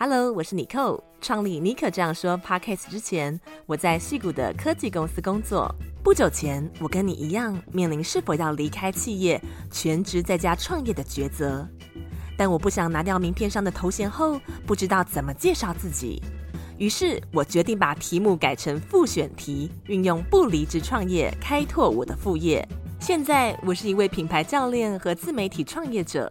Hello，我是尼可創立尼可這樣說 Podcast 之前，我在硅谷的科技公司工作。不久前，我跟你一樣，面臨是否要離開企業、全職在家創業的抉擇。但我不想拿掉名片上的頭銜後，不知道怎麼介紹自己。於是，我決定把題目改成複選題，運用不離職創業開拓我的副業。現在，我是一位品牌教練和自媒體創業者。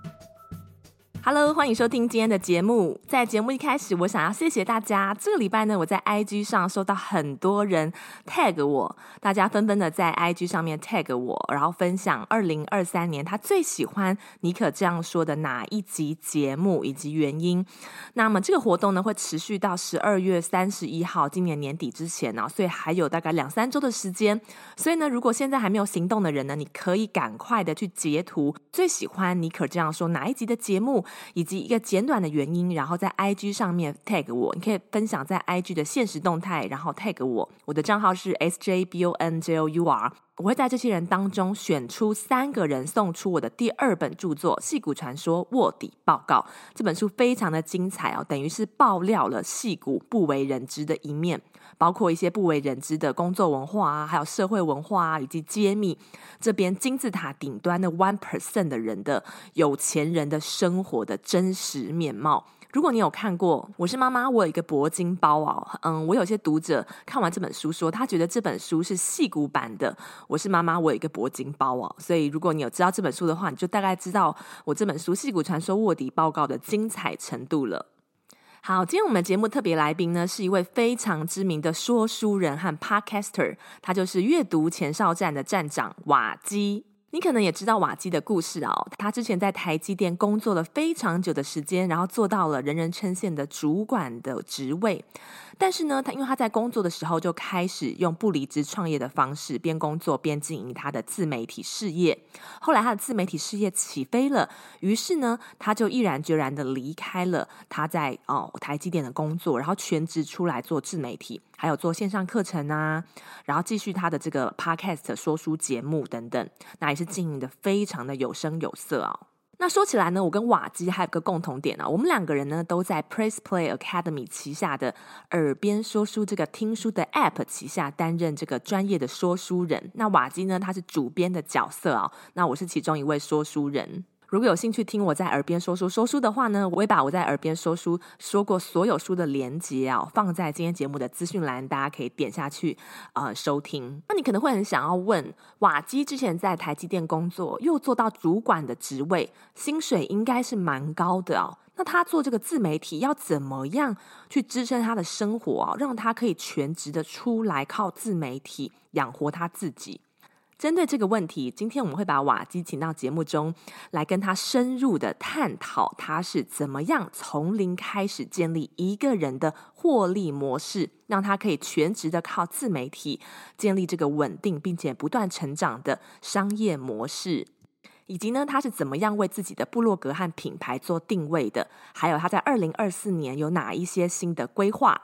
Hello，歡迎收聽今天的節目。在節目一開始，我想要謝謝大家。這個禮拜呢，我在 IG 上收到很多人 tag 我，大家紛紛的在 IG 上面 tag 我，然後分享二零二三年他最喜歡尼可這樣說的哪一集節目以及原因。那麼這個活動呢，會持續到十二月三十一號，今年年底之前呢，啊，所以還有大概兩三周的時間。所以呢，如果現在還沒有行動的人呢，你可以趕快的去截圖最喜歡尼可這樣說哪一集的節目。以及一個簡短的原因，然後在 IG 上面 tag 我，你可以分享在 IG 的現實動態，然後 tag 我。我的賬號是 s j b o n j o u r 我會在這些人當中選出三個人送出我的第二本著作《戲骨傳說臥底報告》。這本書非常的精彩哦，等於是爆料了戲骨不為人知的一面。包括一些不為人知的工作文化啊，還有社會文化啊，以及揭秘這邊金字塔頂端的 one percent 的人的有錢人的生活的真實面貌。如果你有看過《我是媽媽》，我有一個柏金包哦，嗯，我有些讀者看完這本書說，他覺得這本書是矽谷版的。我是媽媽，我有一個柏金包哦。所以，如果你有知道這本書的話，你就大概知道我這本書《矽谷傳說臥底報告》的精彩程度了。好，今天我們節目特別來賓呢，是一位非常知名的說書人和 Podcaster，他就是閱讀前哨站的站長瓦基。你可能也知道瓦基的故事哦，他之前在台積電工作了非常久的時間，然後做到了人人稱羨的主管的職位。但是呢，他因為他在工作的時候就開始用不離職創業的方式，邊工作邊經營他的自媒體事業。後來他的自媒體事業起飛了，於是呢，他就毅然決然地離開了他在哦台積電的工作，然後全職出來做自媒體，還有做線上課程啊，然後繼續他的這個 podcast 說書節目等等，那也是經營得非常的有聲有色啊、哦。那說起來呢，我跟瓦基還有個共同點啊。我們兩個人呢都在 Press Play Academy 旗下的《耳邊說書》這個聽書的 App 旗下擔任這個專業的說書人。那瓦基呢，他是主編的角色啊，那我是其中一位說書人。如果有興趣聽我在耳邊說書說書的話呢，我也把我在耳邊說書說過所有書的連接啊、哦、放在今天節目的資訊欄，大家可以點下去啊、呃、收聽。那你可能會很想要問，瓦基之前在台積電工作，又做到主管的職位，薪水應該是蠻高的哦。那他做這個自媒體要怎麼樣去支撐他的生活啊、哦，讓他可以全職的出來靠自媒體養活他自己？針對這個問題，今天我們會把瓦基請到節目中來，跟他深入的探討他是怎麼樣從零開始建立一個人的獲利模式，讓他可以全職的靠自媒體建立這個穩定並且不斷成長的商業模式，以及呢，他是怎麼樣為自己的部落格和品牌做定位的，還有他在二零二四年有哪一些新的規劃？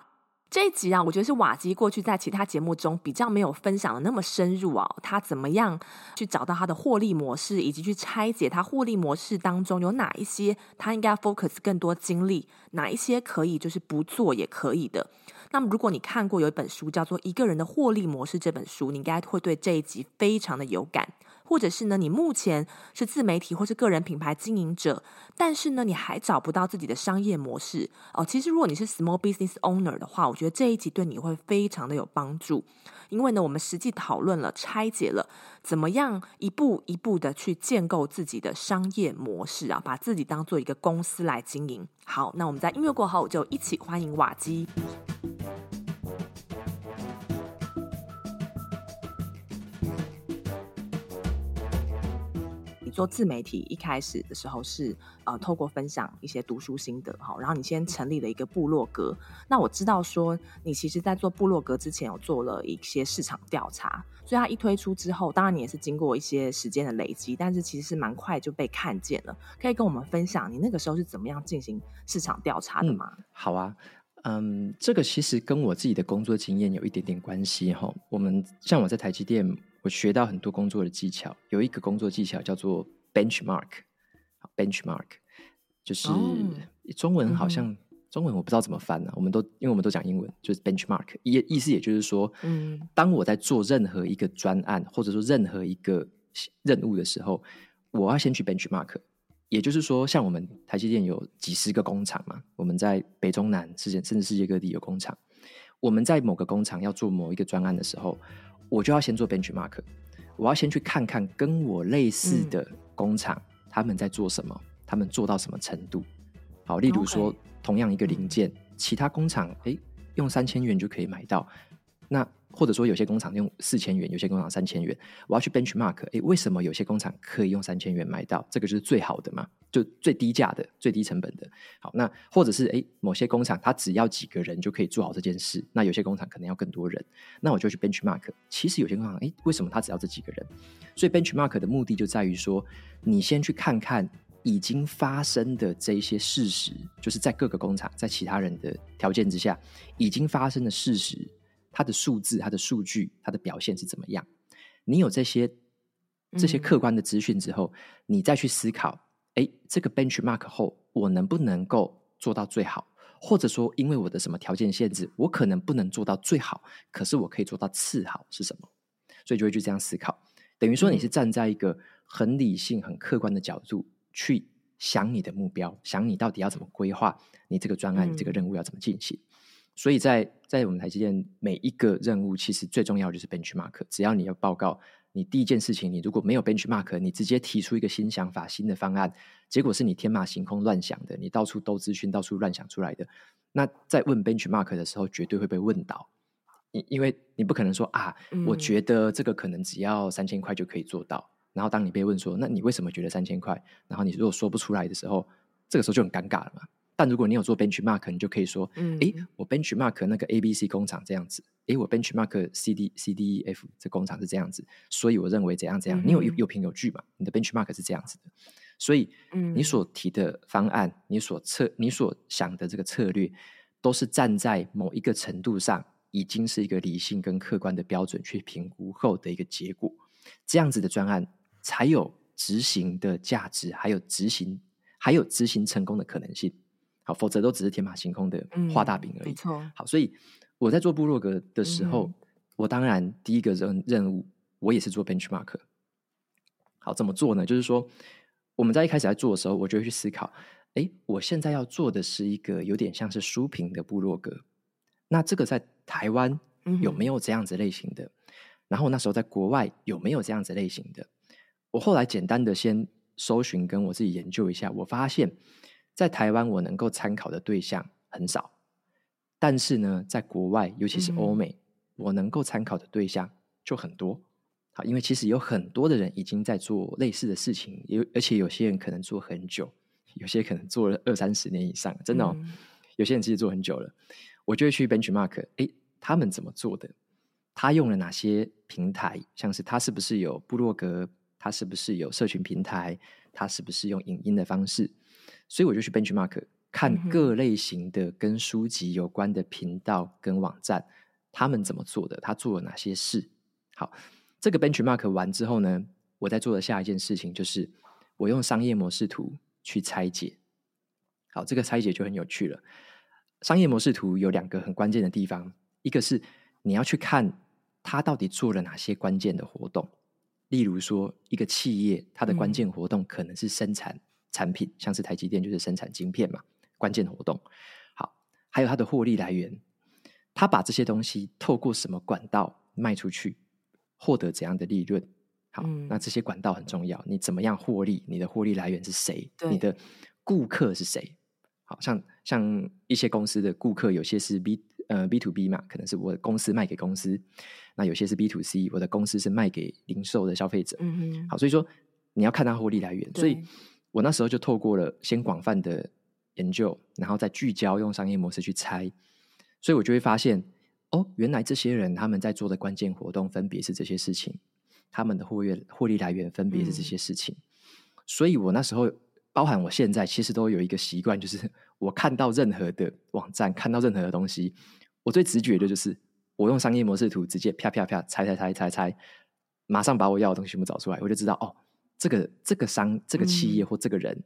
這一集啊，我覺得是瓦基過去在其他節目中比較沒有分享的那麼深入啊。他怎麼樣去找到他的獲利模式，以及去拆解他獲利模式當中有哪一些他應該 focus 更多精力，哪一些可以就是不做也可以的。那麼如果你看過有一本書叫做《一個人的獲利模式》這本書，你應該會對這一集非常的有感。或者是呢，你目前是自媒體或是個人品牌經營者，但是呢，你還找不到自己的商業模式哦。其實如果你是 small business owner 的話，我覺得這一集對你會非常的有幫助，因為呢，我們實際討論了、拆解了，怎麼樣一步一步的去建構自己的商業模式啊，把自己當做一個公司來經營。好，那我們在音樂過後就一起歡迎瓦基。做自媒體一開始的時候是呃，透過分享一些讀書心得哈，然後你先成立了一個部落格。那我知道說你其實，在做部落格之前有做了一些市場調查，所以它一推出之後，當然你也是經過一些時間的累積，但是其實是蠻快就被看見了。可以跟我們分享你那個時候是怎麼樣進行市場調查的嗎？嗯，好啊，嗯，這個其實跟我自己的工作經驗有一點點關係哈。我們像我在台積電。我學到很多工作的技巧，有一個工作技巧叫做 benchmark。benchmark 就是中文好像、哦嗯、中文我不知道怎麼翻了、啊。我們都因為我們都講英文，就是 benchmark，意意思也就是說，嗯，當我在做任何一個專案、嗯、或者說任何一個任務的時候，我要先去 benchmark。也就是說，像我們台積電有幾十個工廠嘛，我們在北中南世界甚至世界各地有工廠。我們在某個工廠要做某一個專案的時候，我就要先做 benchmark，我要先去看看跟我類似的工廠、嗯、他們在做什麼，他們做到什麼程度。好，例如說 Okay. 同樣一個零件，嗯、其他工廠誒、欸、用三千元就可以買到，那。或者說，有些工廠用四千元，有些工廠三千元。我要去 benchmark，哎，為什麼有些工廠可以用三千元買到？這個就是最好的嘛？就最低價的、最低成本的。好，那或者是哎，某些工廠它只要幾個人就可以做好這件事，那有些工廠可能要更多人。那我就去 benchmark。其實有些工廠，哎，為什麼他只要這幾個人？所以 benchmark 的目的就在於說，你先去看看已經發生的這些事實，就是在各個工廠，在其他人的條件之下已經發生的事實。它的數字、它的數據、它的表現是怎麼樣？你有這些這些客觀的資訊之後，嗯、你再去思考，哎，這個 benchmark 後，我能不能夠做到最好？或者說，因為我的什麼條件限制，我可能不能做到最好，可是我可以做到次好是什麼？所以就會去這樣思考，等於說你是站在一個很理性、嗯、很客觀的角度去想你的目標，想你到底要怎麼規劃你這個專案、嗯、你這個任務要怎麼進行。所以在在我們台積電每一個任務，其實最重要的就是 benchmark。只要你要報告，你第一件事情，你如果沒有 benchmark，你直接提出一個新想法、新的方案，結果是你天馬行空亂想的，你到處都資訊，到處亂想出來的。那在問 benchmark 的時候，絕對會被問到，因因為你不可能說啊，嗯、我覺得這個可能只要三千塊就可以做到。然後當你被問說，那你為什麼覺得三千塊？然後你如果說不出來的時候，這個時候就很尷尬了嘛。但如果你有做 benchmark，你就可以說，哎、嗯，我 benchmark 那個 A、B、C 工廠這樣子，哎，我 benchmark C、D、C、D、E、F 這工廠是這樣子。所以，我認為怎樣怎樣，嗯、你有有有憑有據嘛，你的 benchmark 是這樣子的，所以，嗯，你所提的方案，嗯、你所策，你所想的這個策略，都是站在某一個程度上，已經是一個理性跟客觀的標準去評估後的一個結果。這樣子的專案才有執行的價值，還有執行，還有執行成功的可能性。否則都只是天馬行空的畫大餅而已。嗯、好，所以我在做部落格的時候，嗯、我當然第一個任任務，我也是做 benchmark、er。好，怎麼做呢？就是說我們在一開始在做的時候，我就會去思考：哎，我現在要做的是一個有點像是書評的部落格。那這個在台灣有沒有這樣子類型的？嗯、哼然後那時候在國外有沒有這樣子類型的？我後來簡單的先搜尋，跟我自己研究一下，我發現。在台灣，我能夠參考的對象很少，但是呢，在國外，尤其是歐美，嗯嗯，我能夠參考的對象就很多。好，因為其實有很多的人已經在做類似的事情，有而且有些人可能做很久，有些可能做了二三十年以上，真的哦，嗯，有些人其實做很久了。我就會去 benchmark，哎、欸，他們怎麼做的？他用了哪些平台？像是他是不是有部落格？他是不是有社群平台？他是不是用影音的方式？所以我就去 Benchmark，看各類型的跟書籍有關的頻道跟網站，他們怎麼做的，他做了哪些事。好，這個 Benchmark 完之後呢，我在做的下一件事情就是我用商業模式圖去拆解。好，這個拆解就很有趣了。商業模式圖有兩個很關鍵的地方，一個是你要去看他到底做了哪些關鍵的活動，例如說一個企業它的關鍵活動可能是生產。嗯產品像是台積電就是生產晶片嘛，關鍵活動好，還有它的獲利來源，他把這些東西透過什麼管道賣出去，獲得怎樣的利潤？好，嗯、那這些管道很重要，你怎麼樣獲利？你的獲利來源是誰？對你的顧客是誰？好像像一些公司的顧客，有些是 B 呃 B to B 嘛，可能是我公司賣給公司，那有些是 B to C，我的公司是賣給零售的消費者。嗯嗯好，所以說你要看他獲利來源，對所以。我那時候就透過了先廣泛的研究，然後再聚焦用商業模式去猜。所以我就會發現，哦，原來這些人他們在做的關鍵活動分別是這些事情，他們的貨源獲利來源分別是這些事情。嗯。所以我那時候，包含我現在，其實都有一個習慣，就是我看到任何的網站，看到任何的東西，我最直覺的就是，我用商業模式圖直接啪啪啪拆拆拆拆拆，馬上把我要的東西全部找出來，我就知道，哦。這個這個商這個企業或這個人，嗯、哼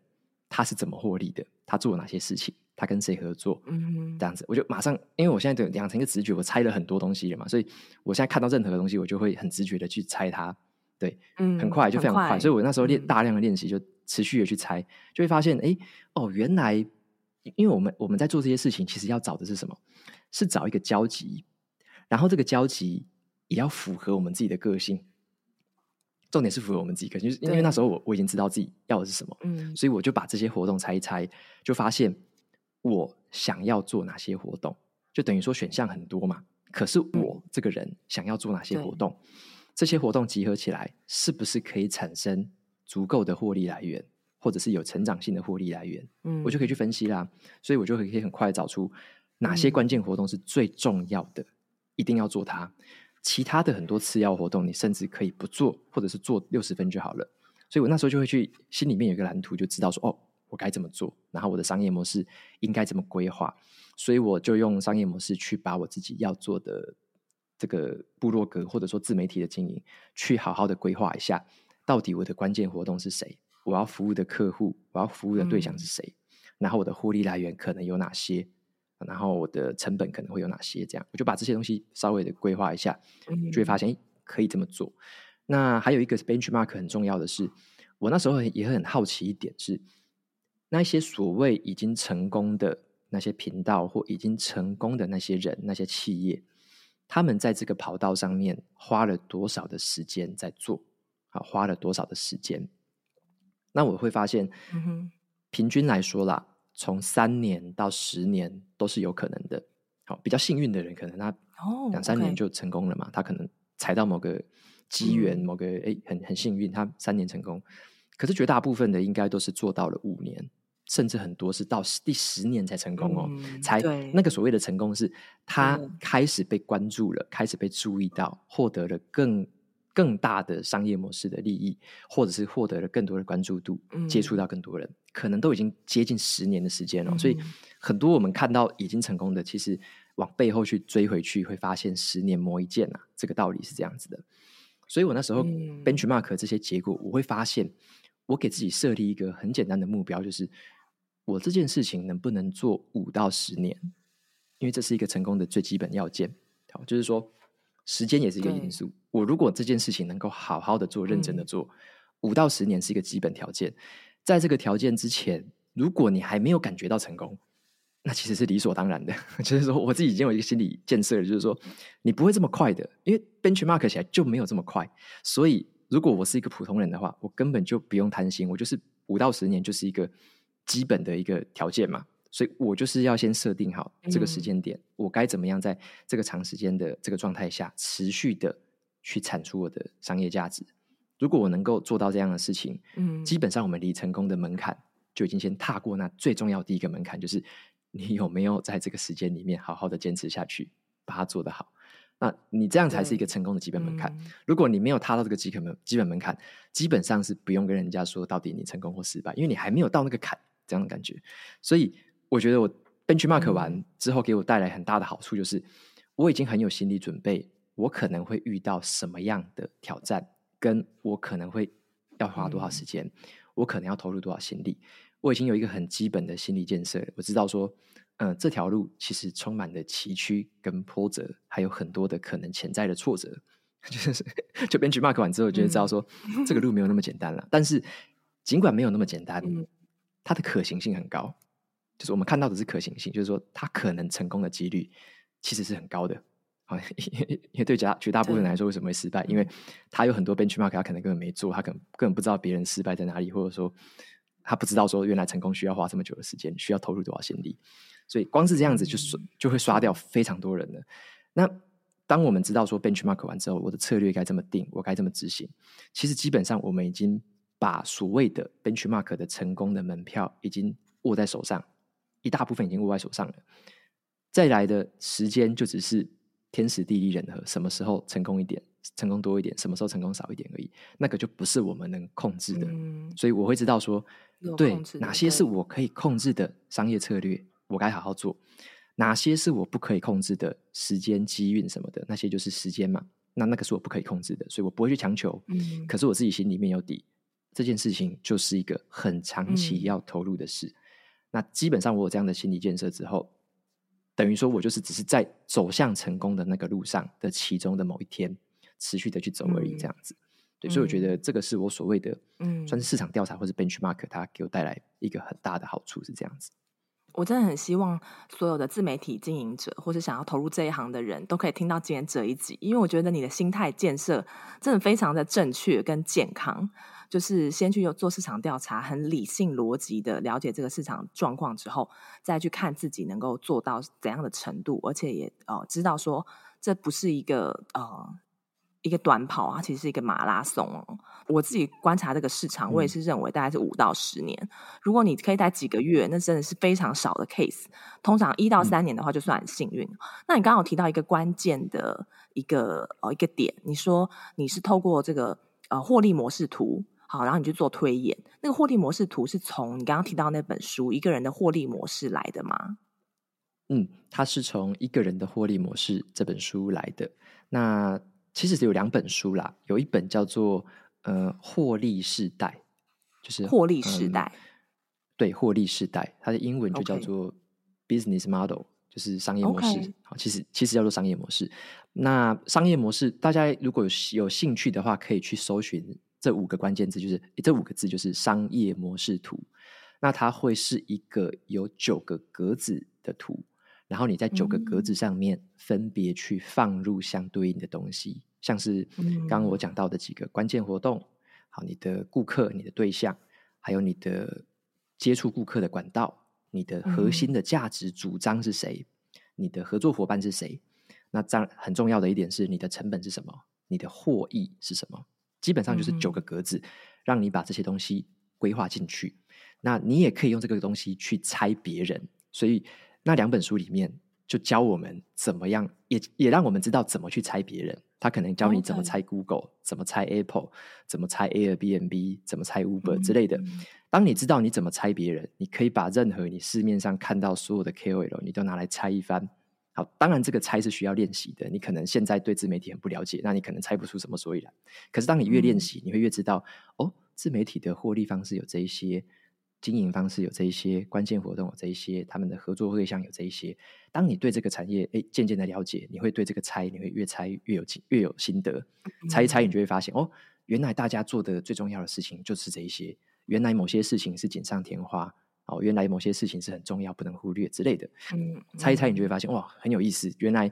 他是怎麼獲利的？他做了哪些事情？他跟誰合作？嗯、哼這樣子，我就馬上，因為我現在都養成一個直覺，我猜了很多東西了嘛，所以我現在看到任何東西，我就會很直覺的去猜它。對，嗯、很快就非常快，快所以我那時候練大量的練習，就持續的去猜，就會發現，哎，哦，原來，因為我們我們在做這些事情，其實要找的是什麼？是找一個交集，然後這個交集也要符合我們自己的個性。重點是符合我們自己，可是因為那時候我我已經知道自己要的是什麼，嗯、所以我就把這些活動猜一猜，就發現我想要做哪些活動，就等於說選項很多嘛。可是我這個人想要做哪些活動，嗯、這些活動集合起來是不是可以產生足夠的獲利來源，或者是有成長性的獲利來源？嗯、我就可以去分析啦。所以我就可以很快找出哪些關鍵活動是最重要的，嗯、一定要做它。其他的很多次要活動，你甚至可以不做，或者是做六十分就好了。所以我那時候就會去心裡面有一個藍圖，就知道說哦，我該怎麼做，然後我的商業模式應該怎麼規劃。所以我就用商業模式去把我自己要做的這個部落格或者說自媒體的經營，去好好的規劃一下，到底我的關鍵活動是誰，我要服務的客戶，我要服務的對象是誰，嗯、然後我的獲利來源可能有哪些。然後我的成本可能會有哪些？這樣我就把這些東西稍微的規劃一下，就會發現可以這麼做。那還有一個 benchmark 很重要的是，我那時候也很好奇一點是，那一些所謂已經成功的那些頻道或已經成功的那些人、那些企業，他們在這個跑道上面花了多少的時間在做啊？花了多少的時間？那我會發現，平均來說啦。從三年到十年都是有可能的。好、哦，比較幸運的人，可能他兩三年就成功了嘛？Oh, okay. 他可能踩到某個機緣，嗯、某個哎、欸，很很幸運，他三年成功。可是絕大部分的，應該都是做到了五年，甚至很多是到第十年才成功哦。嗯、才對那個所謂的成功，是他開始被關注了，嗯、開始被注意到，獲得了更。更大的商業模式的利益，或者是獲得了更多的關注度，嗯嗯嗯，接觸到更多人，可能都已經接近十年的時間了。嗯嗯嗯，所以，很多我們看到已經成功的，其實往背後去追回去，會發現十年磨一劍啊，這個道理是這樣子的。所以我那時候 Benchmark 這些結果，嗯嗯嗯嗯，我會發現，我給自己設立一個很簡單的目標，就是我這件事情能不能做五到十年？因為這是一個成功的最基本要件。好，就是說。時間也是一個因素。對我如果這件事情能夠好好的做、嗯、認真的做，五到十年是一個基本條件。在這個條件之前，如果你還沒有感覺到成功，那其實是理所當然的。 就是說，我自己已經有一個心理建設了，就是說，你不會這麼快的，因為 benchmark 起來就沒有這麼快。所以，如果我是一個普通人的話，我根本就不用貪心，我就是五到十年就是一個基本的一個條件嘛。所以我就是要先設定好這個時間點，嗯，我該怎麼樣在這個長時間的這個狀態下持續的去產出我的商業價值。如果我能夠做到這樣的事情，嗯，基本上我們離成功的門檻就已經先踏過那最重要的第一個門檻，就是你有沒有在這個時間裡面好好的堅持下去，把它做得好。那你這樣才是一個成功的基本門檻。嗯，嗯，如果你沒有踏到這個基本門基本門檻，基本上是不用跟人家說到底你成功或失敗，因為你還沒有到那個坎，這樣的感覺。所以。我覺得我 Benchmark 完之後，給我帶來很大的好處就是，我已經很有心理準備，我可能會遇到什麼樣的挑戰，跟我可能會要花多少時間，我可能要投入多少心力，我已經有一個很基本的心理建設，我知道說，嗯、呃，這條路其實充滿了崎嶇跟波折，還有很多的可能潛在的挫折， 就是就 Benchmark 完之後，就知道說 這個路沒有那麼簡單了。但是儘管沒有那麼簡單，它的可行性很高。就是我們看到的是可行性，就是說他可能成功的幾率其實是很高的啊。因為，因為對絕絕大部分人來說，為什麼會失敗？對因為他有很多 benchmark，他可能根本沒做，他可能根本不知道別人失敗在哪裡，或者說他不知道說原來成功需要花這麼久的時間，需要投入多少心力。所以光是這樣子就，就是、嗯、就會刷掉非常多人的。那當我們知道說 benchmark 完之後，我的策略該怎麼定，我該怎麼執行？其實基本上我們已經把所謂的 benchmark 的成功的門票已經握在手上。一大部分已經握在手上了，再來的時間就只是天時地利人和，什麼時候成功一點，成功多一點，什麼時候成功少一點而已，那個就不是我們能控制的。嗯、所以我會知道說，對，哪些是我可以控制的商業策略，我該好好做；哪些是我不可以控制的時間機運什麼的，那些就是時間嘛。那那個是我不可以控制的，所以我不會去強求。嗯、可是我自己心裡面有底，嗯、這件事情就是一個很長期要投入的事。嗯那基本上，我有這樣的心理建設之後，等於說我就是只是在走向成功的那個路上的其中的某一天，持續的去走而已，這樣子。嗯、對，所以我覺得這個是我所謂的，嗯，算是市場調查或是 benchmark，它給我帶來一個很大的好處是這樣子。我真的很希望所有的自媒體經營者，或是想要投入這一行的人都可以聽到今天這一集，因為我覺得你的心態建設真的非常的正確跟健康。就是先去做市場調查，很理性邏輯的了解這個市場狀況之後，再去看自己能夠做到怎樣的程度，而且也哦、呃、知道說這不是一個呃一個短跑啊，其實是一個馬拉松。我自己觀察這個市場，我也是認為大概是五到十年。嗯、如果你可以待幾個月，那真的是非常少的 case。通常一到三年的話，就算很幸運。嗯、那你剛剛有提到一個關鍵的一個哦、呃、一個點，你說你是透過這個呃獲利模式圖。好，然後你去做推演。那個獲利模式圖是從你剛剛提到的那本書《一個人的獲利模式》來的嗎？嗯，它是從《一個人的獲利模式》這本書來的。那其實只有兩本書啦，有一本叫做呃，《獲利世代》，就是《獲利世代》就是《獲利世代》嗯。對，《獲利世代》它的英文就叫做 Business Model，Okay. 就是商業模式。好，Okay. 其實其實叫做商業模式。那商業模式，大家如果有有興趣的話，可以去搜尋。這五個關鍵字就是這五個字就是商業模式圖，那它會是一個有九個格子的圖，然後你在九個格子上面分別去放入相對應的東西，嗯、像是剛剛我講到的幾個關鍵活動，嗯、好，你的顧客、你的對象，還有你的接觸顧客的管道，你的核心的價值主張是誰，嗯、你的合作夥伴是誰，那當然很重要的一點是你的成本是什麼，你的獲益是什麼。基本上就是九個格子，讓你把這些東西規劃進去。那你也可以用這個東西去猜別人。所以那兩本書裡面就教我們怎麼樣，也也讓我們知道怎麼去猜別人。他可能教你怎麼猜 Google，怎麼猜 Apple，怎麼猜 Airbnb，怎麼猜 Uber 之類的。當你知道你怎麼猜別人，你可以把任何你市面上看到所有的 KOL，你都拿來猜一番。好，當然這個猜是需要練習的。你可能現在對自媒體很不了解，那你可能猜不出什麼所以然。可是當你越練習，嗯、你會越知道，哦，自媒體的獲利方式有這一些，經營方式有這一些，關鍵活動有這一些，他們的合作對象有這一些。當你對這個產業哎漸漸的了解，你會對這個猜，你會越猜越有心，越有心得。嗯、猜一猜，你就會發現，哦，原來大家做的最重要的事情就是這一些，原來某些事情是錦上添花。哦，原來某些事情是很重要，不能忽略之類的。嗯，猜一猜，你就會發現，哇，很有意思。原來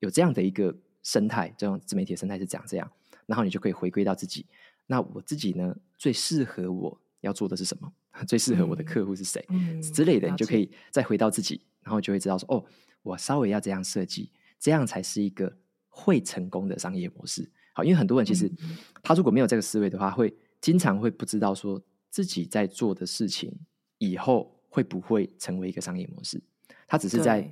有這樣的一個生態，這種自媒體的生態是講這樣，然後你就可以回歸到自己。那我自己呢，最適合我要做的是什麼？最適合我的客戶是誰？嗯，之類的，嗯，你就可以再回到自己，然後就會知道說，哦，我稍微要這樣設計，這樣才是一個會成功的商業模式。好，因為很多人其實，嗯，他如果沒有這個思維的話，會經常會不知道說自己在做的事情，以後會不會成為一個商業模式？他只是在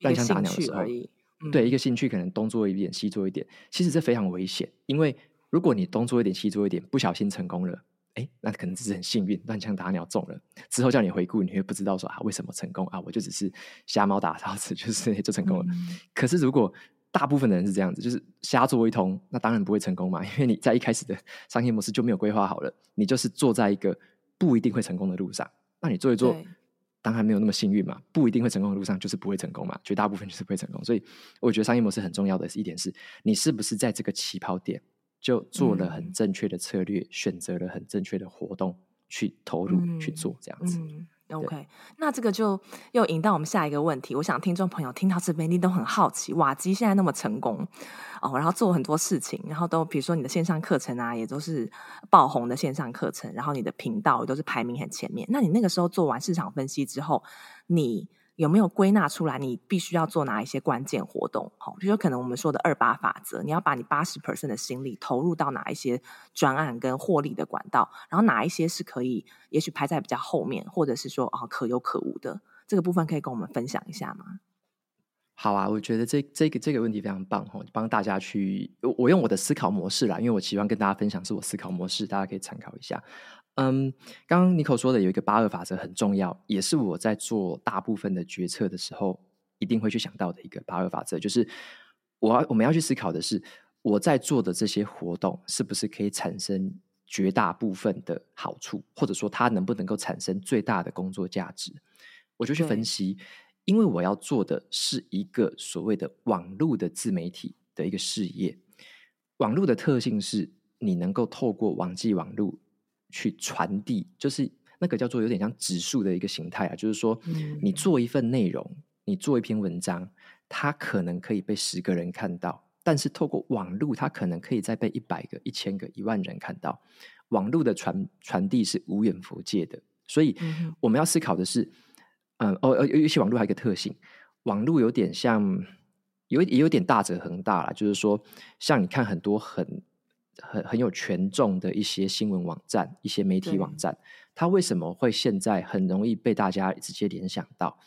亂槍打鳥的時候，對，嗯、對，一個興趣可能東做一點，西做一點，其實這非常危險。因為如果你東做一點，西做一點，不小心成功了，哎，那可能只是很幸運，亂槍打鳥中了。之後叫你回顧，你會不知道說啊，為什麼成功啊？我就只是瞎貓打騷子，就是就成功了。嗯、可是如果大部分的人是這樣子，就是瞎做一通，那當然不會成功嘛，因為你在一開始的商業模式就沒有規劃好了，你就是坐在一個不一定會成功的路上。那你做一做，對當然沒有那麼幸運嘛，不一定會成功的路上就是不會成功嘛，絕大部分就是不會成功。所以我覺得商業模式很重要的一點是，你是不是在這個起跑點就做了很正確的策略，嗯、選擇了很正確的活動去投入、嗯、去做這樣子。嗯 OK，對那這個就又引到我們下一個問題。我想聽眾朋友聽到這邊，一定都很好奇，瓦基現在那麼成功哦，然後做很多事情，然後都比如說你的線上課程啊，也都是爆紅的線上課程，然後你的頻道也都是排名很前面。那你那個時候做完市場分析之後，你有沒有歸納出來？你必須要做哪一些關鍵活動？好，比如說可能我們說的二八法則，你要把你八十 percent 的心力投入到哪一些專案跟獲利的管道，然後哪一些是可以，也許排在比較後面，或者是說啊可有可無的這個部分，可以跟我們分享一下嗎？好啊，我覺得這這個這個問題非常棒哦，幫大家去我用我的思考模式啦，因為我喜歡跟大家分享是我思考模式，大家可以參考一下。嗯，um, 剛剛尼可說的有一個八二法則很重要，也是我在做大部分的決策的時候一定會去想到的一個八二法則，就是我我們要去思考的是我在做的這些活動是不是可以產生絕大部分的好處，或者說它能不能夠產生最大的工作價值，我就去分析，對因為我要做的是一個所謂的網絡的自媒體的一個事業，網絡的特性是你能夠透過網際網絡。去傳遞，就是那個叫做有點像指數的一個形態啊，就是說，你做一份內容，你做一篇文章，它可能可以被十個人看到，但是透過網路，它可能可以再被一百個、一千個、一萬人看到。網絡的傳傳遞是無遠弗屆的，所以我們要思考的是，嗯，哦，尤其網絡還有一個特性，網絡有點像，有也有點大者恆大了，就是說，像你看很多很。很很有權重的一些新聞網站、一些媒體網站，對它為什麼會現在很容易被大家直接聯想到？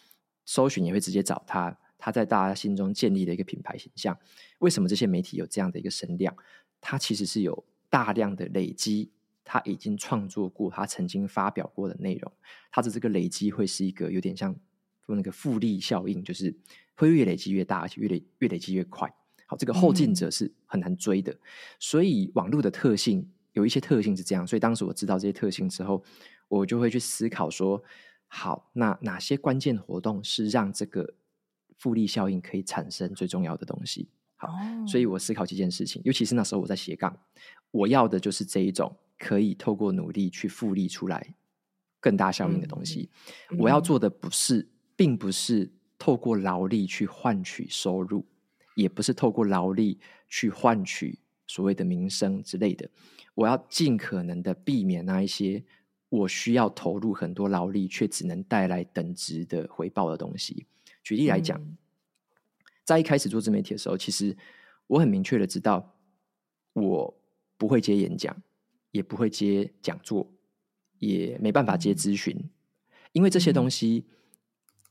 搜尋也會直接找他，他在大家心中建立了一個品牌形象，為什麼這些媒體有這樣的一個聲量？它其實是有大量的累積，他已經創作過，他曾經發表過的內容，它的這個累積會是一個有點像那個複利效應，就是會越累積越大，而且越累越累積越快。好，這個後進者是很難追的，嗯、所以網路的特性有一些特性是這樣。所以當時我知道這些特性之後，我就會去思考說：好，那哪些關鍵活動是讓這個複利效應可以產生最重要的東西？好，所以我思考這件事情。哦、尤其是那時候我在斜槓，我要的就是這一種可以透過努力去複利出來更大效應的東西。嗯、我要做的不是，並不是透過勞力去換取收入。也不是透過勞力去換取所謂的名聲之類的，我要盡可能的避免那一些我需要投入很多勞力卻只能帶來等值的回報的東西。舉例來講，在一開始做自媒體的時候，其實我很明確的知道，我不會接演講，也不會接講座，也沒辦法接諮詢，因為這些東西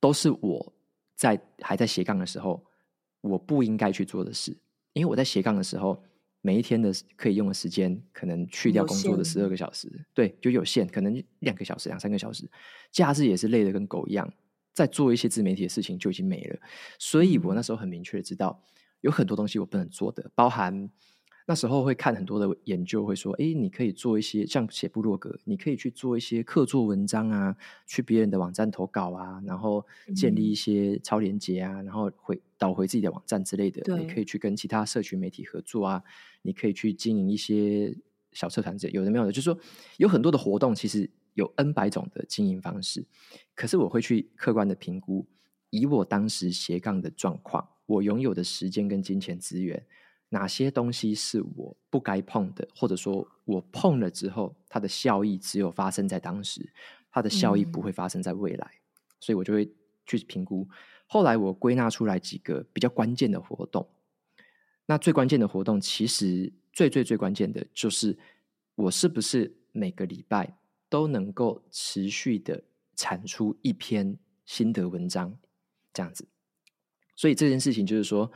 都是我在還在斜槓的時候。我不應該去做的事，因為我在斜槓的時候，每一天的可以用的時間，可能去掉工作的十二個小時，限對，就有限，可能兩個小時、兩三個小時，假日也是累得跟狗一樣，在做一些自媒體的事情就已經沒了。所以我那時候很明確的知道，有很多東西我不能做的，包含。那時候會看很多的研究，會說：哎，你可以做一些像寫部落格，你可以去做一些客座文章啊，去別人的網站投稿啊，然後建立一些超連結啊，嗯、然後回導回自己的網站之類的。對你可以去跟其他社群媒體合作啊，你可以去經營一些小社團者，有的沒有的，就是說有很多的活動，其實有 N 百種的經營方式。可是我會去客觀的評估，以我當時斜槓的狀況，我擁有的時間跟金錢資源。哪些東西是我不該碰的，或者說我碰了之後，它的效益只有發生在當時，它的效益不會發生在未來，嗯、所以我就會去評估。後來我歸納出來幾個比較關鍵的活動，那最關鍵的活動，其實最最最關鍵的，就是我是不是每個禮拜都能夠持續的產出一篇心得文章，這樣子。所以這件事情就是說，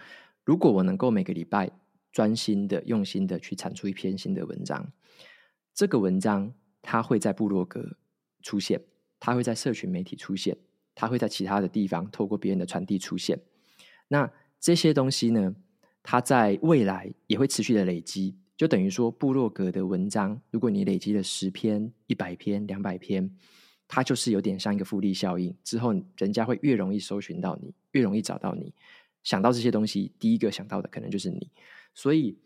如果我能夠每個禮拜。專心的、用心的去產出一篇新的文章，這個文章它會在部落格出現，它會在社群媒體出現，它會在其他的地方透過別人的傳遞出現。那這些東西呢，它在未來也會持續的累積，就等於說部落格的文章，如果你累積了十篇、一百篇、兩百篇，它就是有點像一個複利效應。之後，人家會越容易搜尋到你，越容易找到你。想到這些東西，第一個想到的可能就是你。所以，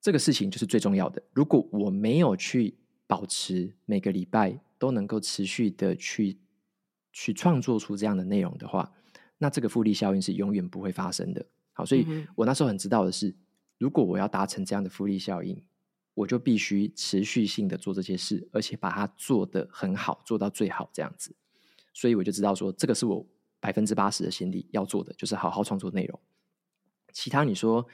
這個事情就是最重要的。如果我沒有去保持每個禮拜都能夠持續的去去創作出這樣的內容的話，那這個複利效應是永遠不會發生的。好，所以我那時候很知道的是，如果我要達成這樣的複利效應，我就必須持續性的做這些事，而且把它做得很好，做到最好這樣子。所以我就知道說，這個是我百分之八十的心力要做的，就是好好創作內容。其他你說。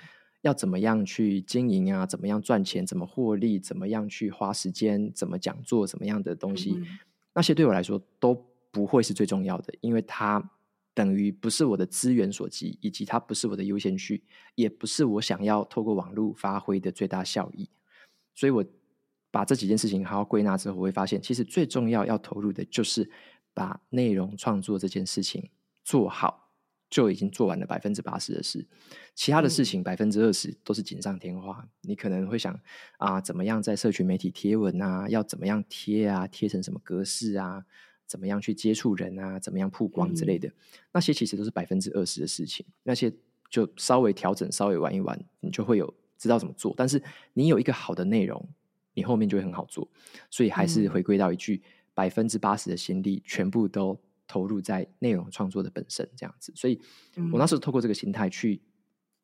要怎麼樣去經營啊？怎麼樣賺錢？怎麼獲利？怎麼樣去花時間？怎麼講座？怎麼樣的東西？嗯、那些對我來說都不會是最重要的，因為它等於不是我的資源所及，以及它不是我的優先序，也不是我想要透過網絡發揮的最大效益。所以我把這幾件事情好好歸納之後，我會發現，其實最重要要投入的就是把內容創作這件事情做好。就已經做完了百分之八十的事，其他的事情百分之二十都是錦上添花。你可能會想啊，怎麼樣在社群媒體貼文啊，要怎麼樣貼啊，貼成什麼格式啊？怎麼樣去接觸人啊？怎麼樣曝光之類的？那些其實都是百分之二十的事情。那些就稍微調整，稍微玩一玩，你就會有知道怎麼做。但是你有一個好的內容，你後面就會很好做。所以還是回歸到一句80：百分之八十的心力，全部都。投入在內容創作的本身這樣子，所以我那時候透過這個形態去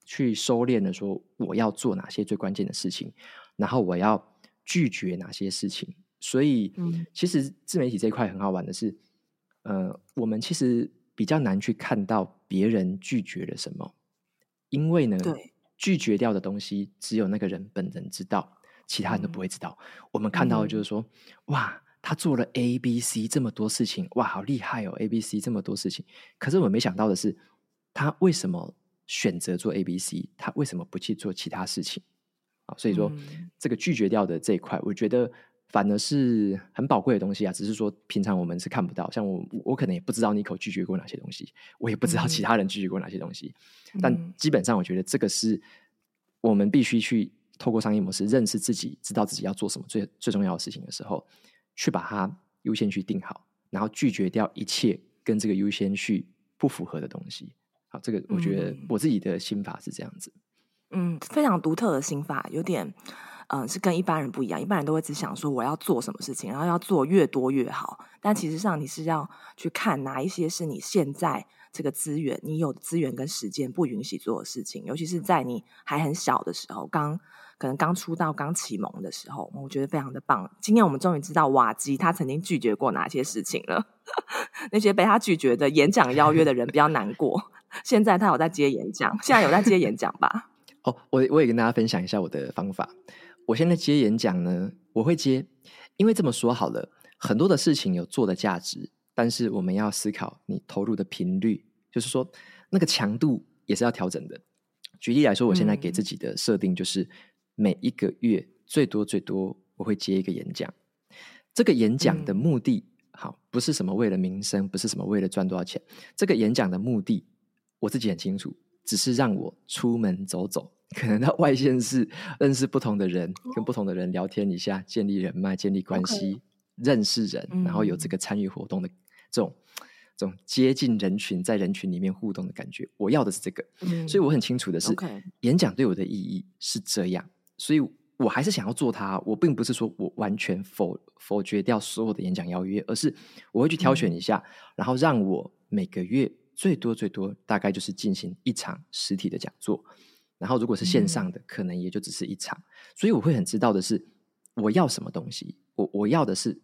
去收斂的說，我要做哪些最關鍵的事情，然後我要拒絕哪些事情。所以，其實自媒體這一塊很好玩的是，呃，我們其實比較難去看到別人拒絕了什麼，因為呢，拒絕掉的東西只有那個人本人知道，其他人都不會知道。我們看到的就是說，哇。他做了 A、B、C 這麼多事情，哇，好厲害哦！A、B、C 這麼多事情，可是我沒想到的是，他為什麼選擇做 A、B、C？他為什麼不去做其他事情啊？所以說，嗯、這個拒絕掉的這一塊，我覺得反而是很寶貴的東西啊。只是說，平常我們是看不到，像我，我可能也不知道尼可拒絕過哪些東西，我也不知道其他人拒絕過哪些東西。嗯、但基本上，我覺得這個是我們必須去透過商業模式認識自己，知道自己要做什麼最最重要的事情的時候。去把它優先去定好，然後拒絕掉一切跟這個優先序不符合的東西。好，這個我覺得我自己的心法是這樣子。嗯，非常獨特的心法，有點嗯、呃、是跟一般人不一樣。一般人都會只想說我要做什麼事情，然後要做越多越好。但其實上你是要去看哪一些是你現在這個資源，你有資源跟時間不允許做的事情。尤其是在你還很小的時候，剛。可能剛出道，剛啟蒙的時候，我覺得非常的棒。今天我們終於知道瓦基他曾經拒絕過哪些事情了。 那些被他拒絕的演講邀約的人比較難過。 現在他有在接演講，現在有在接演講吧？ 哦，我我也跟大家分享一下我的方法。我現在接演講呢，我會接，因為這麼說好了，很多的事情有做的價值，但是我們要思考你投入的頻率，就是說那個強度也是要調整的。舉例來說，我現在給自己的設定就是。嗯每一個月最多最多，我會接一個演講。這個演講的目的，好，不是什麼為了名聲，不是什麼為了賺多少錢。這個演講的目的，我自己很清楚，只是讓我出門走走，可能到外縣市認識不同的人，跟不同的人聊天一下，建立人脈，建立關係，認識人，然後有這個參與活動的這種、這種接近人群，在人群裡面互動的感覺。我要的是這個，所以我很清楚的是，演講對我的意義是這樣。所以，我還是想要做它。我並不是說我完全否否決掉所有的演講邀約，而是我會去挑選一下，嗯、然後讓我每個月最多最多大概就是進行一場實體的講座，然後如果是線上的，嗯、可能也就只是一場。所以我會很知道的是，我要什麼東西，我我要的是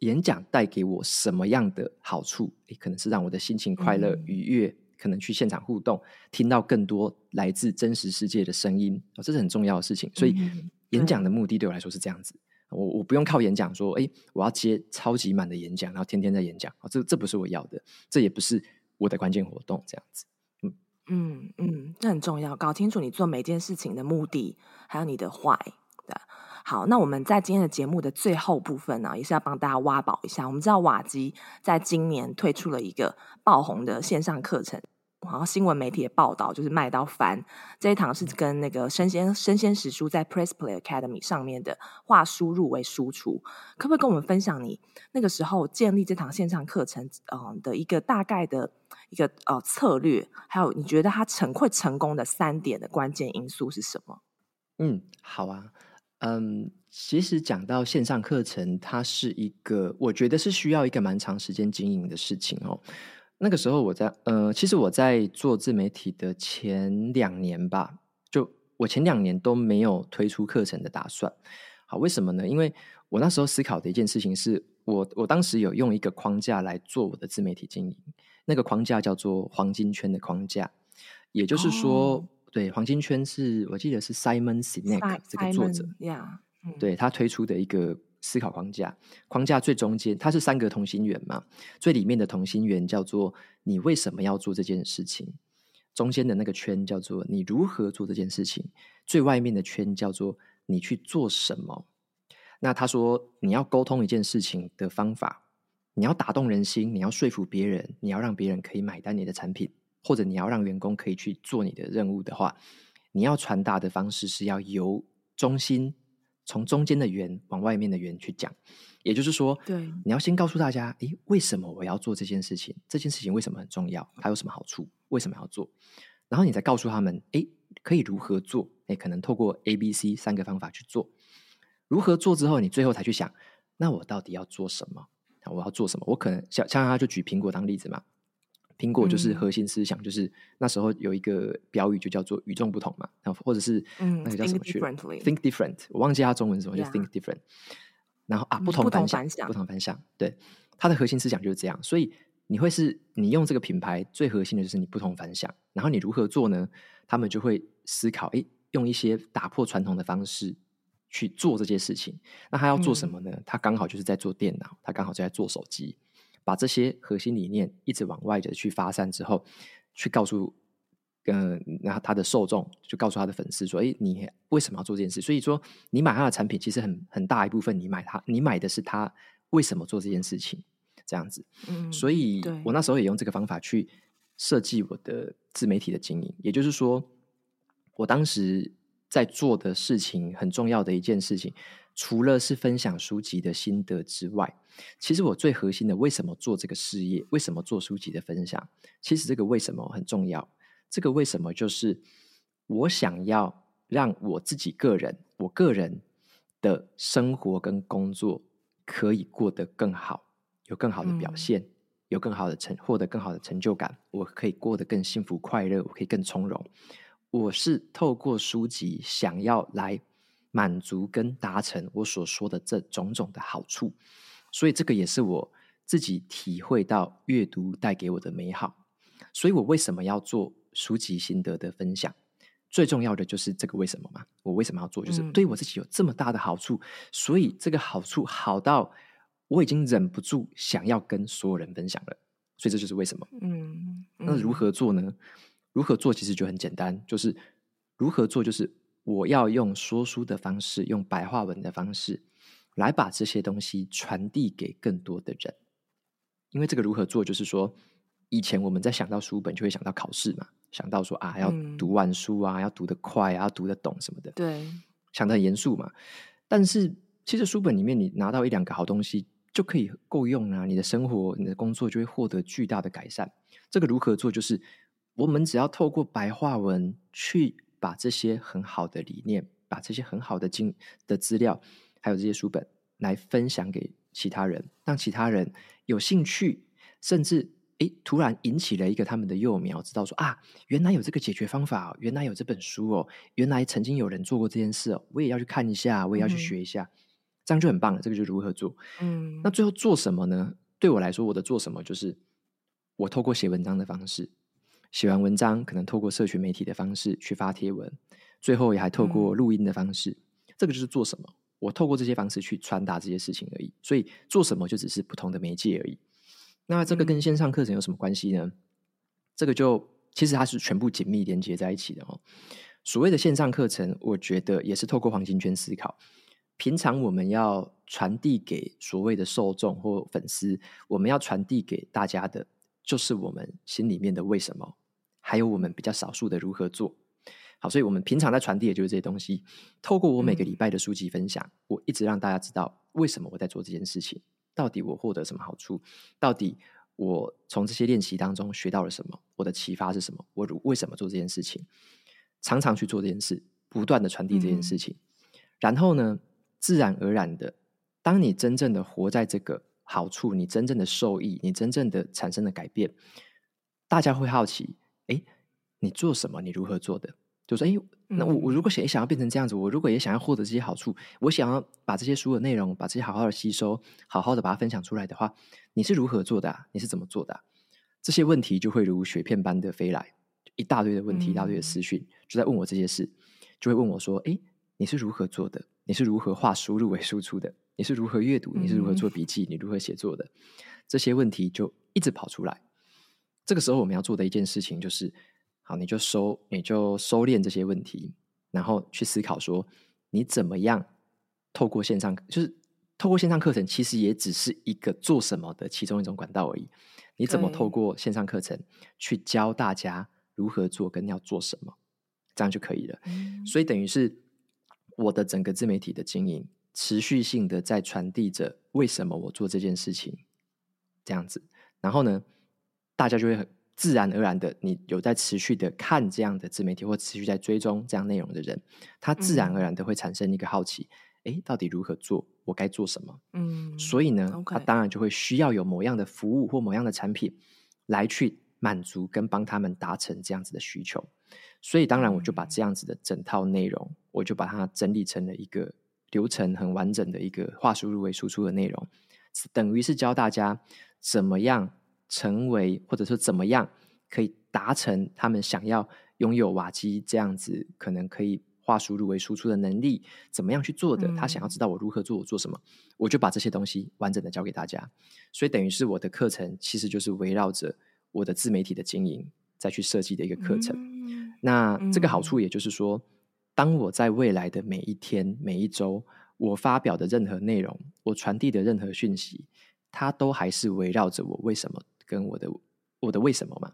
演講帶給我什麼樣的好處？誒，可能是讓我的心情快樂、嗯、愉悅。可能去現場互動，聽到更多來自真實世界的聲音，哦，這是很重要的事情。所以，演講的目的對我來說是這樣子：我、嗯嗯、我不用靠演講說，哎、欸，我要接超級滿的演講，然後天天在演講啊，哦，這這不是我要的，這也不是我的關鍵活動，這樣子。嗯嗯嗯，這、嗯、很重要，搞清楚你做每件事情的目的，還有你的 why，對好，那我們在今天的節目的最後部分呢、啊，也是要幫大家挖寶一下。我們知道瓦基在今年推出了一個爆紅的線上課程，然後新聞媒體的報道就是賣到翻。這一堂是跟那個生鮮生鮮時書在 PressPlay Academy 上面的“化輸入為輸出”，可不可以跟我們分享你那個時候建立這堂線上課程嗯、呃、的一個大概的一個呃策略，還有你覺得它成會成功的三點的關鍵因素是什麼？嗯，好啊。嗯，其實講到線上課程，它是一個我覺得是需要一個蠻長時間經營的事情哦。那個時候我在，呃，其實我在做自媒體的前兩年吧，就我前兩年都沒有推出課程的打算。好，為什麼呢？因為我那時候思考的一件事情是，我我當時有用一個框架來做我的自媒體經營，那個框架叫做黃金圈的框架，也就是說。哦對，黃金圈是我記得是 Simon Sinek, Simon, 這個作者，Simon, yeah, 對，他推出的一個思考框架。框架最中間，它是三個同心圓嘛。最裡面的同心圓叫做“你為什麼要做這件事情”；中間的那個圈叫做“你如何做這件事情”；最外面的圈叫做“你去做什麼”。那他說，你要溝通一件事情的方法，你要打動人心，你要說服別人，你要讓別人可以買單你的產品。或者你要讓員工可以去做你的任務的話，你要傳達的方式是要由中心從中間的圓往外面的圓去講，也就是說，對，你要先告訴大家，哎，為什麼我要做這件事情？這件事情為什麼很重要？它有什麼好處？為什麼要做？然後你再告訴他們，誒，可以如何做？哎，可能透過 A、B、C 三個方法去做。如何做之後，你最後才去想，那我到底要做什麼？我要做什麼？我可能像像他，就舉蘋果當例子嘛。蘋果就是核心思想，嗯、就是那時候有一個標語就叫做“與眾不同”嘛，然後或者是那個叫什麼、嗯、去 Think different？Think different，我忘記它中文怎麼就 Yeah. Think different。然後啊，不同凡響、嗯，不同凡響，凡響，對，它的核心思想就是這樣。所以你會是，你用這個品牌最核心的就是你不同凡響。然後你如何做呢？他們就會思考，哎，用一些打破傳統的方式去做這些事情。那他要做什麼呢？嗯、他剛好就是在做電腦，他剛好就在做手機。把這些核心理念一直往外的去發散之後，去告訴，嗯、呃，然後他的受眾就告訴他的粉絲說：“哎、欸，你為什麼要做這件事？”所以說，你買他的產品，其實很很大一部分，你買他，你買的是他為什麼做這件事情，這樣子。嗯、所以，我那時候也用這個方法去設計我的自媒體的經營，也就是說，我當時在做的事情很重要的一件事情。除了是分享書籍的心得之外，其實我最核心的，為什麼做這個事業？為什麼做書籍的分享？其實這個為什麼很重要。這個為什麼就是我想要讓我自己個人，我個人的生活跟工作可以過得更好，有更好的表現，嗯、有更好的成，獲得更好的成就感。我可以過得更幸福快樂，我可以更從容。我是透過書籍想要來。滿足跟達成我所說的這種種的好處，所以這個也是我自己體會到閱讀帶給我的美好。所以我為什麼要做書籍心得的分享？最重要的就是這個為什麼嘛。我為什麼要做？就是對我自己有這麼大的好處，所以這個好處好到我已經忍不住想要跟所有人分享了。所以這就是為什麼。嗯，那如何做呢？如何做其實就很簡單，就是如何做就是。我要用說書的方式，用白話文的方式來把這些東西傳遞給更多的人，因為這個如何做，就是說，以前我們在想到書本，就會想到考試嘛，想到說啊，要讀完書啊，嗯，要讀得快啊，要讀得懂什麼的，對，想得很嚴肅嘛。但是其實書本裡面，你拿到一兩個好東西就可以夠用啊，你的生活、你的工作就會獲得巨大的改善。這個如何做，就是我們只要透過白話文去。把這些很好的理念，把這些很好的經的資料，還有這些書本，來分享給其他人，讓其他人有興趣，甚至誒、欸、突然引起了一個他們的幼苗，知道說啊，原來有這個解決方法，原來有這本書哦，原來曾經有人做過這件事，我也要去看一下，我也要去學一下，嗯、這樣就很棒了。這個就如何做？嗯，那最後做什麼呢？對我來說，我的做什麼就是我透過寫文章的方式。寫完文章，可能透過社群媒體的方式去發貼文，最後也還透過錄音的方式，嗯、這個就是做什麼。我透過這些方式去傳達這些事情而已。所以做什麼就只是不同的媒介而已。那這個跟線上課程有什麼關係呢？嗯、這個就其實它是全部緊密連接在一起的哦。所謂的線上課程，我覺得也是透過黃金圈思考。平常我們要傳遞給所謂的受眾或粉絲，我們要傳遞給大家的就是我們心裡面的為什麼，還有我們比較少數的如何做好，所以，我們平常在傳遞的就是這些東西。透過我每個禮拜的書籍分享，我一直讓大家知道為什麼我在做這件事情，到底我獲得什麼好處，到底我從這些練習當中學到了什麼，我的啟發是什麼，我如為什麼做這件事情。常常去做這件事，不斷的傳遞這件事情，然後呢，自然而然的，當你真正的活在這個好處，你真正的受益，你真正的產生了改變，大家會好奇。哎，你做什麼？你如何做的？就說哎，那我我如果也想，想要變成這樣子，我如果也想要獲得這些好處，我想要把這些書的內容，把這些好好的吸收，好好的把它分享出來的話，你是如何做的、啊？你是怎麼做的、啊？這些問題就會如雪片般的飛來，一大堆的問題，一、嗯、大堆的私訊，就在問我這些事，就會問我說：哎，你是如何做的？你是如何化輸入為輸出的？你是如何閱讀？你是如何做筆記？你如何寫作的？嗯、這些問題就一直跑出來。這個時候，我們要做的一件事情就是，好，你就收，你就收斂這些問題，然後去思考說，你怎麼樣透過線上，就是透過線上課程，其實也只是一個做什麼的其中一種管道而已。你怎麼透過線上課程去教大家如何做跟要做什麼，這樣就可以了。嗯。所以，等於是我的整個自媒體的經營，持續性的在傳遞着為什麼我做這件事情，這樣子。然後呢，大家就會很自然而然的，你有在持續的看這樣的自媒體，或持續在追蹤這樣內容的人，他自然而然的會產生一個好奇：「哎、嗯，到底如何做？我該做什麼？嗯，所以呢，Okay 他當然就會需要有某樣的服務或某樣的產品來去滿足跟幫他們達成這樣子的需求。所以，當然，我就把這樣子的整套內容，我就把它整理成了一個流程很完整的一個化輸入為輸出的內容，等於是教大家怎麼樣。成為或者說怎麼樣可以達成他們想要擁有瓦基這樣子可能可以化輸入為輸出的能力？怎麼樣去做的？他想要知道我如何做，我做什麼？我就把這些東西完整的教給大家。所以等於是我的課程其實就是圍繞着我的自媒體的經營再去設計的一個課程。那這個好處也就是說，當我在未來的每一天、每一周，我發表的任何內容，我傳遞的任何訊息，它都還是圍繞着我為什麼。跟我的我的為什麼嘛，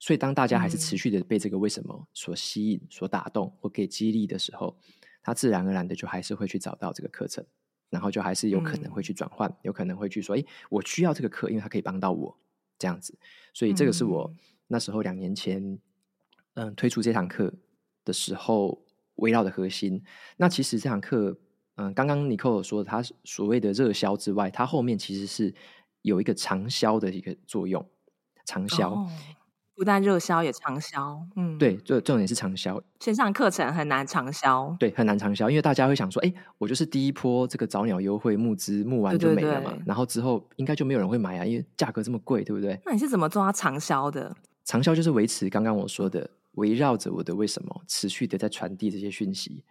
所以當大家還是持續的被這個為什麼所吸引、所打動或給激勵的時候，他自然而然的就還是會去找到這個課程，然後就還是有可能會去轉換，嗯、有可能會去說：“誒，我需要這個課，因為它可以幫到我。”這樣子。所以這個是我那時候兩年前，嗯，推出這堂課的時候圍繞的核心。那其實這堂課，嗯，剛剛尼可說的，他所謂的熱銷之外，他後面其實是。有一個長銷的一個作用，長銷，oh, 不但熱銷也長銷，嗯，對，這重點是長銷。線上課程很難長銷，對，很難長銷，因為大家會想說，哎，我就是第一波這個早鳥優惠募資募完就沒了嘛，對對對，然後之後應該就沒有人會買啊，因為價格這麼貴，對不對？那你是怎麼抓長銷的？長銷就是維持剛剛我說的，圍繞着我的為什麼持續的在傳遞這些訊息，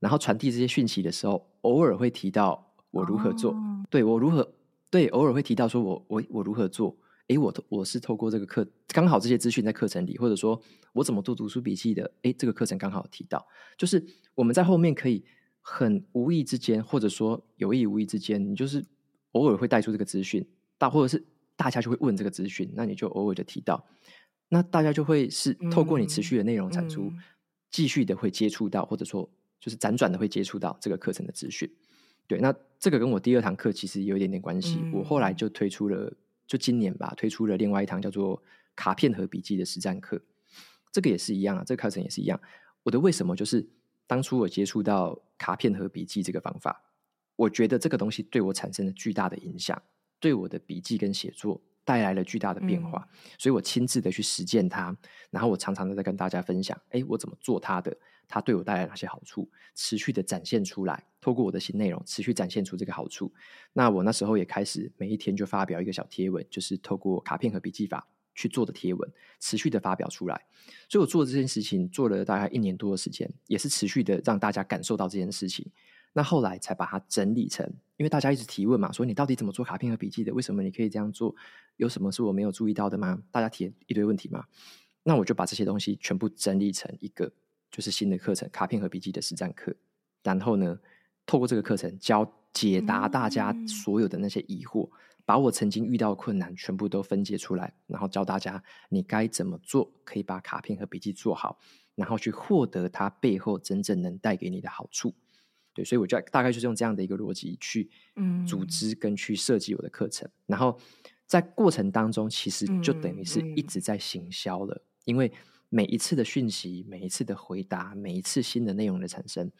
然後傳遞這些訊息的時候，偶爾會提到我如何做，oh. 對我如何。對，偶爾會提到說我，我我我如何做？誒我我是透過這個課，剛好這些資訊在課程裡，或者說，我怎麼做讀書筆記的？誒這個課程剛好提到，就是我們在後面可以很無意之間，或者說有意無意之間，你就是偶爾會帶出這個資訊，大或者是大家就會問這個資訊，那你就偶爾就提到，那大家就會是透過你持續的內容產出，嗯嗯、繼續的會接觸到，或者說就是輾轉的會接觸到這個課程的資訊。對，那這個跟我第二堂課其實有一點點關係。嗯、我後來就推出了，就今年吧，推出了另外一堂叫做卡片盒筆記的實戰課。這個也是一樣啊，這個課程也是一樣。我的為什麼就是當初我接觸到卡片盒筆記這個方法，我覺得這個東西對我產生了巨大的影響，對我的筆記跟寫作帶來了巨大的變化。嗯、所以我親自的去實踐它，然後我常常的在跟大家分享，哎，我怎麼做它的。它對我帶來哪些好處？持續的展現出來，透過我的新內容持續展現出這個好處。那我那時候也開始每一天就發表一個小貼文，就是透過卡片盒筆記法去做的貼文，持續的發表出來。所以我做的這件事情做了大概一年多的時間，也是持續的讓大家感受到這件事情。那後來才把它整理成，因為大家一直提問嘛，說你到底怎麼做卡片盒筆記的？為什麼你可以這樣做？有什麼是我沒有注意到的嗎？大家提一堆問題嘛，那我就把這些東西全部整理成一個。就是新的課程《卡片盒筆記的實戰課》，然後呢，透過這個課程教解答大家所有的那些疑惑，把我曾經遇到的困難全部都分解出來，然後教大家你該怎麼做可以把卡片盒筆記做好，然後去獲得它背後真正能帶給你的好處。對，所以我就大概就是用這樣的一個邏輯去組織跟去設計我的課程，然後在過程當中其實就等於是一直在行銷了，因為。每一次的訊息，每一次的回答，每一次新的內容的產生，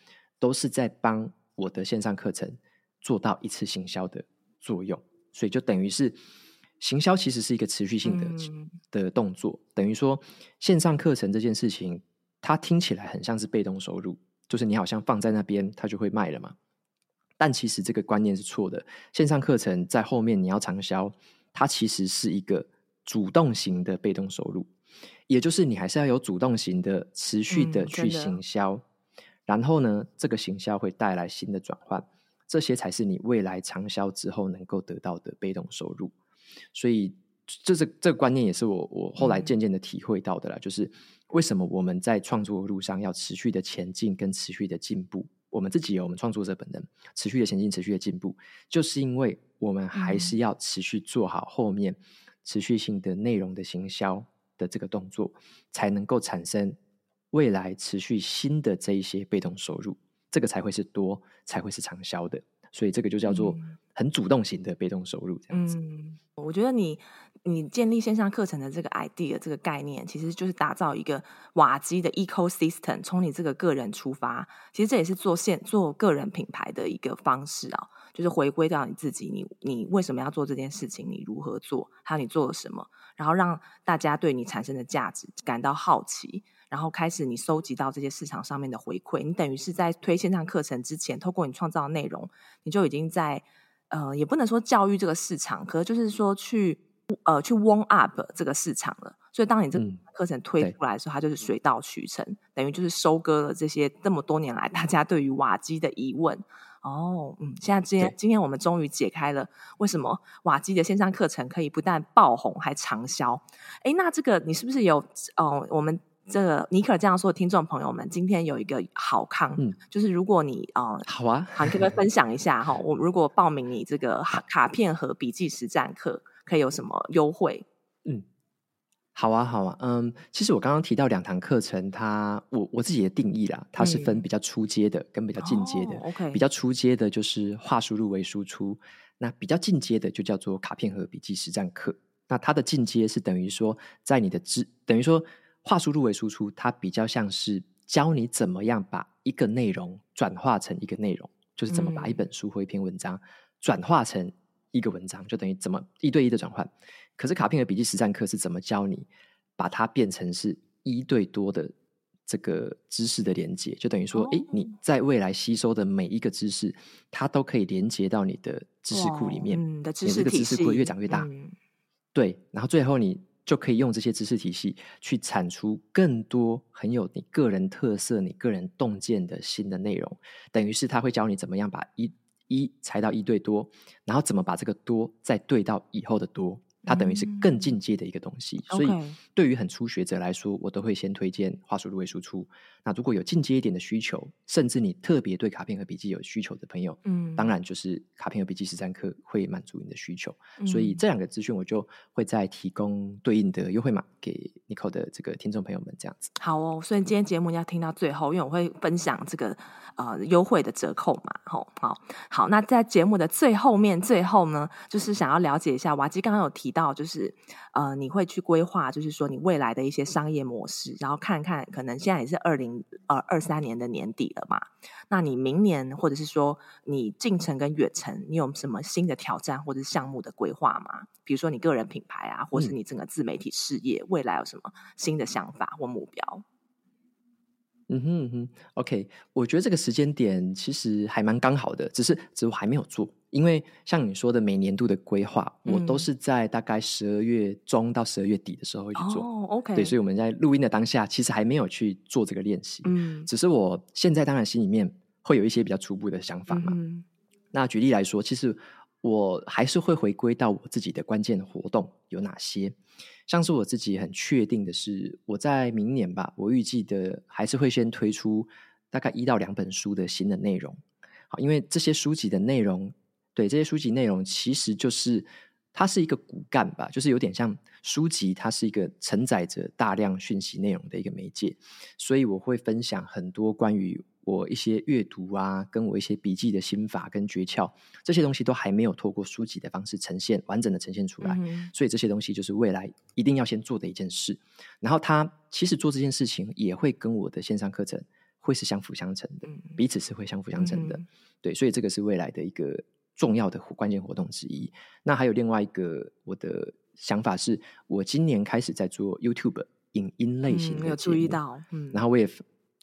都是在幫我的線上課程做到一次行銷的作用。所以就等於是行銷，其實是一個持續性的、嗯、的動作。等於說，線上課程這件事情，它聽起來很像是被動收入，就是你好像放在那邊，它就會賣了嘛。但其實這個觀念是錯的。線上課程在後面你要長銷，它其實是一個主動型的被動收入。也就是你還是要有主動型的、持續的去行銷，嗯、然後呢，這個行銷會帶來新的轉換，這些才是你未來長銷之後能夠得到的被動收入。所以，這這這個觀念也是我我後來漸漸的體會到的啦。嗯、就是為什麼我們在創作路上要持續的前進跟持續的進步，我們自己有我們創作者本人持續的前進、持續的進步，就是因為我們還是要持續做好後面持續性的內容的行銷的這個動作才能夠產生未來持續新的這一些被動收入，這個才會是多，才會是長銷的。所以這個就叫做很主動型的被動收入，這樣子。嗯，我覺得你你建立線上課程的這個 idea 這個概念，其實就是打造一個瓦基的 ecosystem，從你這個個人出發，其實這也是做線做個人品牌的一個方式啊、喔，就是回歸到你自己，你你為什麼要做這件事情，你如何做，還、啊、有你做了什麼。然後讓大家對你產生的價值感到好奇，然後開始你收集到這些市場上面的回饋，你等於是在推線上課程之前，透過你創造的內容，你就已經在呃，也不能說教育這個市場，可是就是說去呃去 warm up 這個市場了。所以當你這個課程推出來的時候，嗯、它就是水到渠成，等於就是收割了這些這麼多年來大家對於瓦基的疑問。哦，嗯，現在今天對今天我們終於解開了為什麼瓦基的線上課程可以不但爆紅還長銷。哎，那這個你是不是有哦、呃？我們這個尼可這樣說，聽眾朋友們，今天有一個好康，嗯，就是如果你哦，呃、好啊，好，你可，可分享一下哈、哦？我如果報名你這個卡片和筆記實戰課，可以有什麼優惠？嗯。好啊，好啊，嗯，其實我剛剛提到兩堂課程，它我我自己的定義啦，它是分比較初階的跟比較進階的。嗯 oh, OK，比較初階的就是化輸入為輸出，那比較進階的就叫做卡片盒筆記實戰課。那它的進階是等於說，在你的知等於說化輸入為輸出，它比較像是教你怎麼樣把一個內容轉化成一個內容，就是怎麼把一本書或一篇文章轉化成、嗯。一個文章就等於怎麼一對一的轉換，可是卡片盒筆記實戰課是怎麼教你把它變成是一對多的這個知識的連接？就等於說，哎、哦，你在未來吸收的每一個知識，它都可以連接到你的知識庫裡面，嗯、你這個知識庫會越長越大。嗯、對，然後最後你就可以用這些知識體系去產出更多很有你個人特色、你個人洞見的新的內容。等於是他會教你怎麼樣把一。一才到一對多，然後怎麼把這個多再對到以後的多？它等於是更進階的一個東西，Okay. 所以對於很初學者來說，我都會先推薦化輸入為輸出。那如果有進階一點的需求，甚至你特別對卡片盒筆記有需求的朋友，嗯，當然就是卡片盒筆記實戰課會滿足你的需求。嗯、所以這兩個資訊我就會再提供對應的優惠碼給 Nicolle 的這個聽眾朋友們，這樣子。好哦，所以今天節目要聽到最後，因為我會分享這個、呃、優惠的折扣嘛，哦、好好。那在節目的最後面，最後呢，就是想要了解一下瓦基剛剛有提到就是，呃，你會去規劃，就是說你未來的一些商業模式，然後看看可能現在也是二零二三年的年底了嘛，那你明年或者是說你近程跟遠程，你有什麼新的挑戰或者項目的規劃嗎？比如說你個人品牌啊，或是你整個自媒體事業，未來有什麼新的想法或目標？嗯哼嗯哼，OK，我覺得這個時間點其實還蠻剛好的，只是只是我還沒有做，因為像你說的每年度的規劃，嗯、我都是在大概十二月中到十二月底的時候會去做。哦，OK，對，所以我們在錄音的當下，其實還沒有去做這個練習，嗯、只是我現在當然心裡面會有一些比較初步的想法嘛。嗯、那舉例來說，其實我還是會回歸到我自己的關鍵活動有哪些。像是我自己很確定的是，我在明年吧，我預計的還是會先推出大概一到兩本書的新的內容。好，因為這些書籍的內容，對這些書籍內容，其實就是它是一個骨幹吧，就是有點像書籍，它是一個承載着大量訊息內容的一個媒介，所以我會分享很多關於我一些閱讀啊，跟我一些筆記的心法跟訣竅，這些東西都還沒有透過書籍的方式呈現完整的呈現出來，嗯嗯所以這些東西就是未來一定要先做的一件事。然後他其實做這件事情也會跟我的線上課程會是相輔相成的，嗯嗯彼此是會相輔相成的。嗯嗯對，所以這個是未來的一個重要的關鍵活動之一。那還有另外一個我的想法是，我今年開始在做 YouTube 影音類型的節目、嗯、有注意到、欸，然後我也。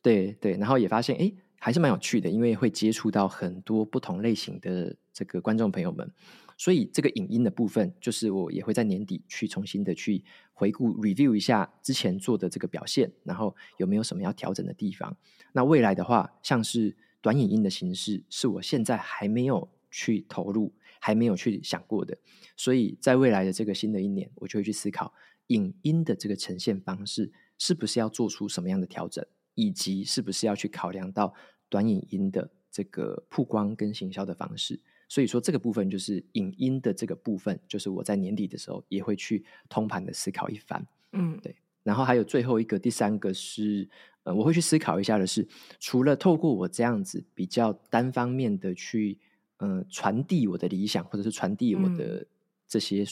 對對，然後也發現哎，還是蠻有趣的，因為會接觸到很多不同類型的這個觀眾朋友們，所以這個影音的部分，就是我也會在年底去重新的去回顧 review 一下之前做的這個表現，然後有沒有什麼要調整的地方。那未來的話，像是短影音的形式，是我現在還沒有去投入，還沒有去想過的，所以在未來的這個新的一年，我就會去思考影音的這個呈現方式是不是要做出什麼樣的調整。以及是不是要去考量到短影音的這個曝光跟行銷的方式？所以說這個部分就是影音的這個部分，就是我在年底的時候也會去通盤的思考一番。嗯，對。然後還有最後一個，第三個是，呃，我會去思考一下的是，除了透過我這樣子比較單方面的去，呃，傳遞我的理想或者是傳遞我的這些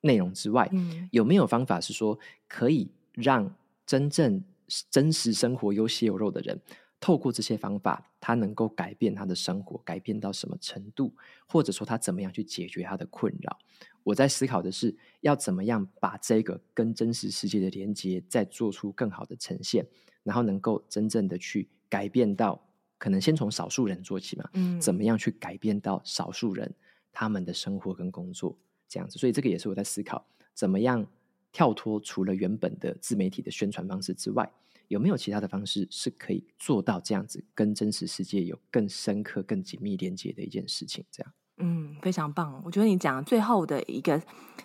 內容之外，嗯，有沒有方法是說可以讓真正。真實生活有血有肉的人，透過這些方法，他能夠改變他的生活，改變到什麼程度，或者說他怎麼樣去解決他的困擾？我在思考的是，要怎麼樣把這個跟真實世界的連接，再做出更好的呈現，然後能夠真正的去改變到，可能先從少數人做起嘛？嗯，怎麼樣去改變到少數人他們的生活跟工作這樣子？所以這個也是我在思考，怎麼樣？跳脫除了原本的自媒體的宣傳方式之外，有沒有其他的方式是可以做到這樣子，跟真實世界有更深刻、更緊密連接的一件事情？這樣，嗯，非常棒。我覺得你講最後的一個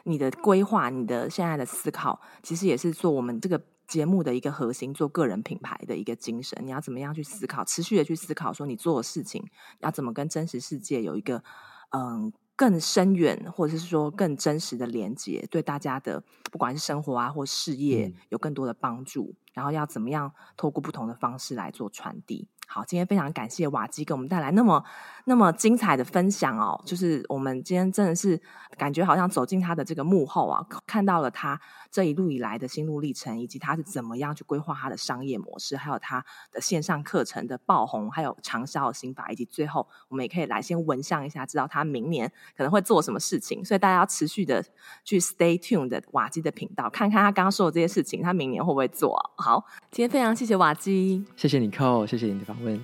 你的規劃，你的現在的思考，其實也是做我們這個節目的一個核心，做個人品牌的一個精神。你要怎麼樣去思考，持續的去思考，說你做的事情要怎麼跟真實世界有一個嗯。更深遠，或者是說更真實的連接，對大家的不管是生活啊或事業，嗯、有更多的幫助。然後要怎麼樣透過不同的方式來做傳遞？好，今天非常感謝瓦基給我們帶來那麼那麼精彩的分享哦，就是我們今天真的是感覺好像走進他的這個幕後啊，看到了他這一路以來的心路歷程，以及他是怎麼樣去規劃他的商業模式，還有他的線上課程的爆紅，還有長銷的心法，以及最後我們也可以來先聞香一下，知道他明年可能會做什麼事情。所以大家要持續的去 stay tuned 的瓦基的頻道，看看他剛剛說的這些事情，他明年會不會做，哦，好。今天非常謝謝瓦基，謝謝尼可，謝謝你的方。對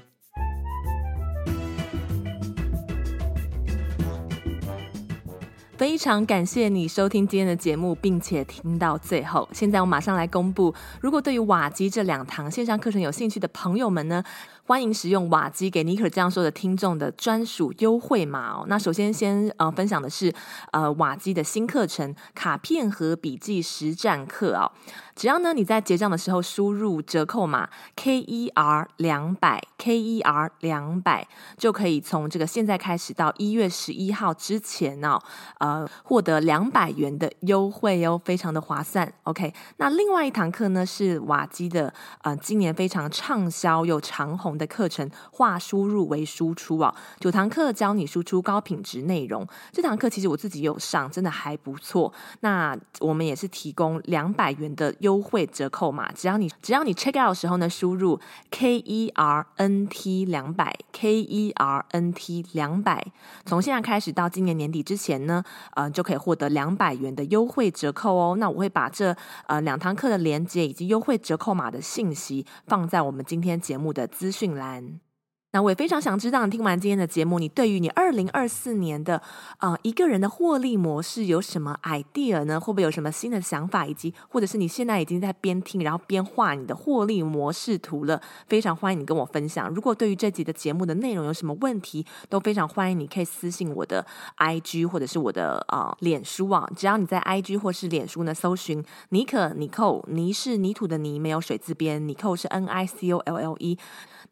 非常感謝你收聽今天的節目，並且聽到最後。現在我馬上來公布，如果對於瓦基這兩堂線上課程有興趣的朋友們呢？歡迎使用瓦基給尼可這樣說的聽眾的專屬優惠碼哦。那首先先呃分享的是呃瓦基的新課程卡片盒筆記實戰課哦。只要呢你在結賬的時候輸入折扣碼 KER 兩百 KER 兩百，ER 200, ER、200, 就可以從這個現在開始到一月十一號之前哦呃獲得兩百元的優惠喲、哦，非常的划算。OK，那另外一堂課呢是瓦基的、呃、今年非常暢銷又長紅。的課程化輸入為輸出啊、哦，九堂課教你輸出高品質內容。這堂課其實我自己有上，真的還不錯。那我們也是提供兩百元的優惠折扣碼，只要你只要你 check out 的時候呢，輸入 K E R N T 兩百 K E R N T 兩百，200, 從現在開始到今年年底之前呢，嗯、呃，就可以獲得兩百元的優惠折扣哦。那我會把這呃兩堂課的鏈接以及優惠折扣碼的信息放在我們今天節目的資訊。俊蘭，那我也非常想知道，你聽完今天的節目，你對於你二零二四年的啊、呃、一個人的獲利模式有什麼 idea 呢？會不會有什麼新的想法？以及，或者是你現在已經在邊聽，然後邊畫你的獲利模式圖了？非常歡迎你跟我分享。如果對於這集的節目的內容有什麼問題，都非常歡迎你可以私信我的 IG 或者是我的啊、呃、臉書啊。只要你在 IG 或是臉書呢搜尋尼可尼寇，泥是泥土的泥，沒有水字邊，尼寇是 N I C O L L E。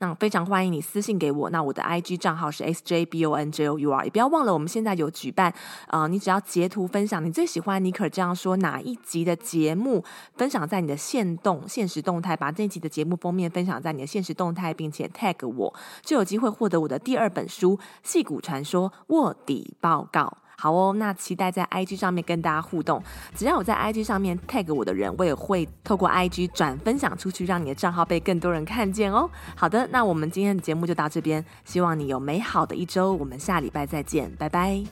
那非常歡迎你私信給我，那我的 I G 賬號是 S J B O N J O U R，也不要忘了我們現在有舉辦，呃，你只要截圖分享你最喜歡尼可這樣說哪一集的節目，分享在你的限動限時動態，把這一集的節目封面分享在你的限時動態，並且 tag 我，就有機會獲得我的第二本書《矽谷傳說臥底報告》。好哦，那期待在 IG 上面跟大家互動。只要我在 IG 上面 tag 我的人，我也會透過 IG 轉分享出去，讓你的賬號被更多人看見哦。好的，那我們今天的節目就到這邊，希望你有美好的一周。我們下禮拜再見，拜拜。